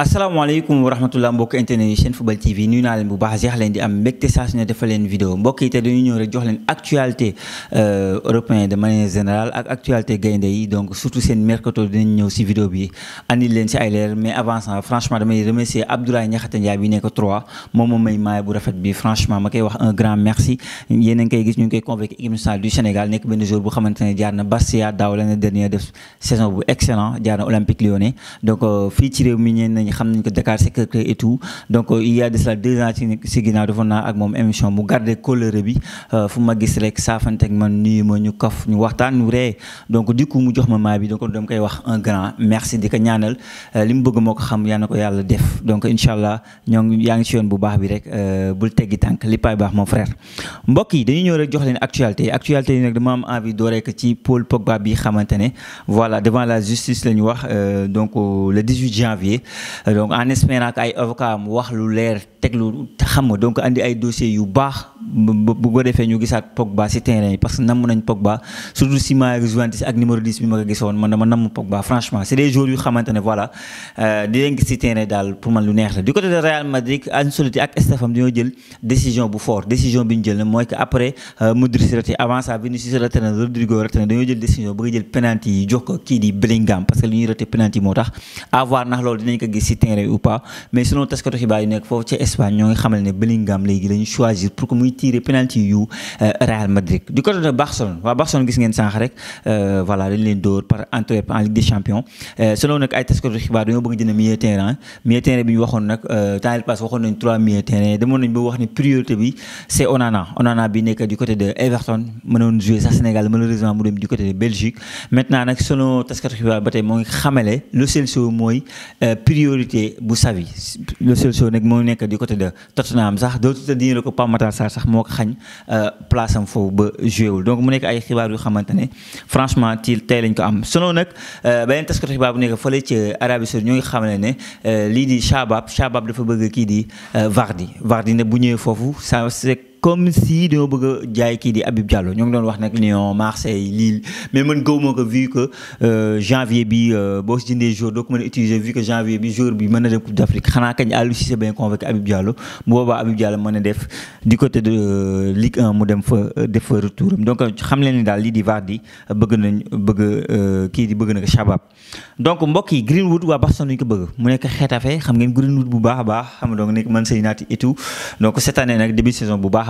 asalaamaaleykum wa rahmatulah mbokk internet yi football TV nuyu naa leen bu baax jeex leen di am mbégte saa su ne defal leen vidéo mbokk te dañu ñëw rek jox leen actualité euh, européen de manière générale ak actualité gaynde yi donc surtout sen mercato dañu ñëw si vidéo bi andi leen ci ay leer mais avant ça franchement damay remercier Abdoulaye Niakhate Ndiaye bi nekk 3 mom moom may bu rafet bi franchement makay wax un grand merci yéen ngay gis ñu ngi koy convoqué équipe nationale du Sénégal nekk benn jour bu xamante jaar na Bastia daaw l'année dernière def saison bu excellent jaar na Olympique Lyonnais donc euh, fi ci réew mi ñeen Dakar et tout donc euh, il y a de cela deux ans si ak émission mu garder colère bi euh, fu ma rek ak man donc du coup mu jox un grand merci de ñaanal je euh, donc Inshallah, nous bu mon frère mbokk yi ñëw rek jox actualité actualité dama am envie Paul Pogba voilà devant la justice le noir. donc le 18 janvier donc en espérant que ay avocat wax lu leer teg lu xam nga donc andi ay dossiers yu bax bu ko defee ñu gisaat Pogba ci terrain parce que nam nañ Pogba surtout si ma Juventus ak numéro 10 bi ma ko gisoon man dama nam Pogba franchement c'est des jours yu xamantene voilà euh di leen ci terrain dal pour man lu neex la du côté de Real Madrid Ancelotti ak Estefam dañu jël décision bu fort décision bi ñu jël moy que après euh, Modric reté avant ça Vinicius reté na Rodrigo reté dañu jël décision bëgg jël penalty yi jox ko ki di Bellingham parce que li ñu reté penalty motax tax à voir ndax loolu dinañ ko léegi si terrain ou pas mais selon tasko xiba yi nekk foofu ca Espagne ñoo ngi xamal ne Bellingham légui lañu choisir pour que muy tirer penalty yu euh, Real Madrid du côté de Barcelone wa Barcelone gis ngeen sank rek euh voilà dañ leen dóor par Antwerp en Ligue des Champions euh, selon nak ay tasko xiba dañu bëgg jënd milieu terrain milieu terrain bi ñu waxoon nag euh, temps il passe waxoon nañ 3 milieu terrain demoon nañ ba wax ni priorité bi c'est Onana Onana bi nekk du côté de Everton mënoon jouer sax Sénégal malheureusement mu dem du côté de Belgique maintenant nak selon tasko xiba batay mo ngi xamale Lo Celso mooy priorité priorité bu Xavi le seul chose nag moo nekk du côté de Tottenham sax dootu te dina ko Pape Matar Sarr sax moo ko xañ euh, place franchement tey lañ ko am selon nag euh, beneen taskatu xibaar bu nekk fële ci Arabie Saoudite ñoo ngi xamle ne euh, lii di Shabab Shabab dafa bëgg kii di Vardy Vardy ne bu ñëwee foofu ça c'est comme si dañoo bëgg a jaay kii di Habib Diallo ñoo ngi doon wax nak Lyon oh, Marseille Lille mais man gaw moko vu que euh, janvier bi euh, bo si jëndee jour donc ko utiliser vu que janvier bi jour bi mën na dem Coupe d'Afrique xana kañ Aliou Cissé bañ convoqué Habib Diallo bu boobaa Habib Diallo mën a def du côté de euh, Ligue 1 mu dem fa def fa retour donc xam leen ni dal li di Vardy bëgg nañ bëgg ki di bëgg nak ko Shabab donc mbokk yi Greenwood wa Barcelone ñu ko bëgg mu nekk Getafe xam ngeen Greenwood bu baax baax xam nga donc nekk Man City et tout donc cette année nak début saison bu baax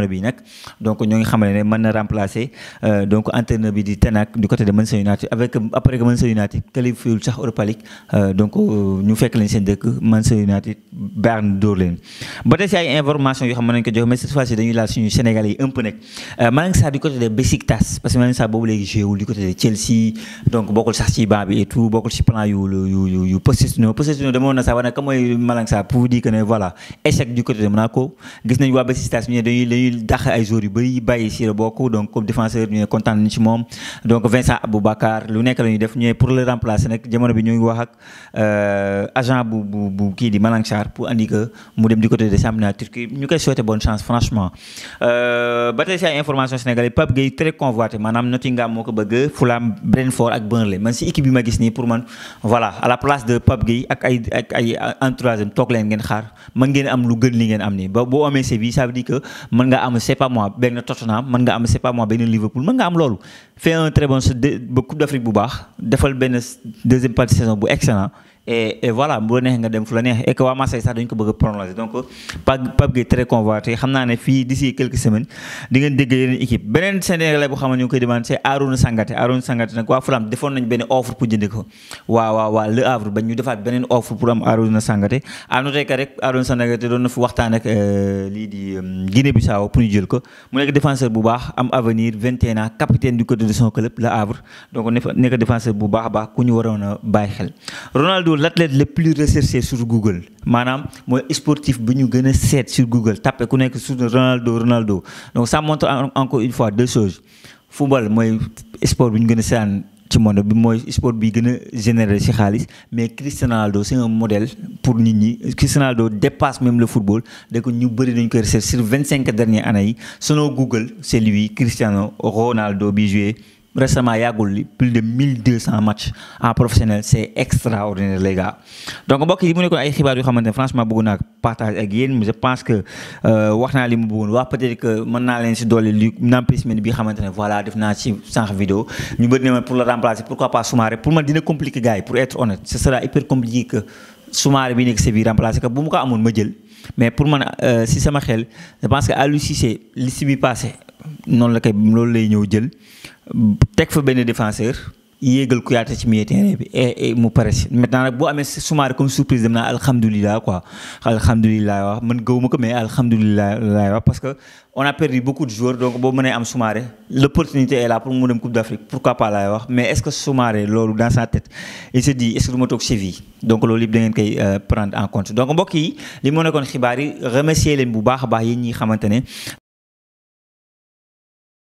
jamono bi nag donc ñu ngi xamale ne mën na remplacer euh, donc entraîneur bi di Tenak du côté de Manchester United avec après que Manchester United qualifié sax Europa League euh, donc euh, ñu fekk lañ seen dëkk Manchester United Bern dóor leen ba tey ay information yoo xam nañ ko jox mais cette fois ci dañuy laal suñu Sénégalais un peu nekk Malang Sarr du côté de Besiktas parce que Malang Sarr boobu léegi joué du côté de Chelsea donc bokul sax ci banc bi et tout bokul ci plan yu yu yu Pochettino Pochettino dama woon na sa war comme ka Malang pour dire que ne voilà échec du côté de Monaco gis nañ wa Besiktas ñu ne dañuy ñuy tax ay joueurs la donc comme défenseur ñu donc Vincent Aboubacar lu nekk la def pour le remplacer nag jëmono bi ñu ngi wax ak euh, agent bu bu ki di Malang pour andi que mu dem du côté de championnat Turquie ñu koy souhaiter bonne chance franchement. euh tey information sénégalais Peuple gay, très convoité manam Nottingham moko bëgg Fulham Brentford ak Burnley man si équipe bi ma gis ni pour man voilà à la place de Pape Gueye ak ay ak ay entourage toog leen ngeen xaar man ngeen am lu gën li ngeen am ni ba boo ça veut dire que man nga am c'est pas moi sais Tottenham nga am c'est pas moi ben Liverpool mën nga am fait un très bon coupe d'Afrique bu baax defal deuxième partie saison bu excellent et et voilà bu la neexee nga dem fu la neex et que waa Marseille sax dañ a prolonger donc Pape Pape Gueye très convoité xam naa ne di ngeen dégg yeneen équipe waa Fulham defoon nañ benn ko waaw waaw waaw Le ba ñu defaat beneen offre pour am Arouna Sangate à noter que rek Arouna Sangate doon euh, euh, bu baax nekk défenseur bu baax a baax ku ñu waroon a bàyyi xel Ronaldo l'athlète le plus recherché sur Google Madame, moi, sportif je suis 7 sur Google Tapez, ku que sur Ronaldo Ronaldo donc ça montre encore une fois deux choses football moi sport bu ñu gën monde sport bi suis mais Cristiano Ronaldo c'est un modèle pour nous. Cristiano Ronaldo dépasse même le football Dès que nous avons recherché sur 25 dernières années selon Google c'est lui Cristiano Ronaldo Bijoué récemment a li plus de 1200 matchs en professionnel c'est extraordinaire les gars donc je yi que je ay xibaar je pense franchement pense que partage pense Mais je pense que euh, peut-être que voilà vidéo pour le remplacer pourquoi pas pour moi, c'est compliqué gars pour être honnête ce sera hyper compliqué que remplacer que mais pour moi euh, si sama xel je pense que Aliou Cissé qui bi passé non la que loolu les ñëw jël teg fa défenseur yéegal yaata ci milieu terrain bi et mu pare maintenant nag boo amee Soumaré comme surprise dem naa alhamdulilah quoi alhamdulilah wax man gëw ko mais alhamdulilah laay wax parce que on a perdu beaucoup de joueurs donc boo mënee am Soumaré l'opportunité est là pour mu dem Coupe d'Afrique pourquoi pas laay wax mais est-ce que Soumaré loolu dans sa tête il se dit est-ce que du ma toog Séville donc loolu yëpp da ngeen koy euh, prendre en compte donc mbokk yi li mu nekkoon xibaar yi remercier leen bu baax a baax yéen ñi xamante ne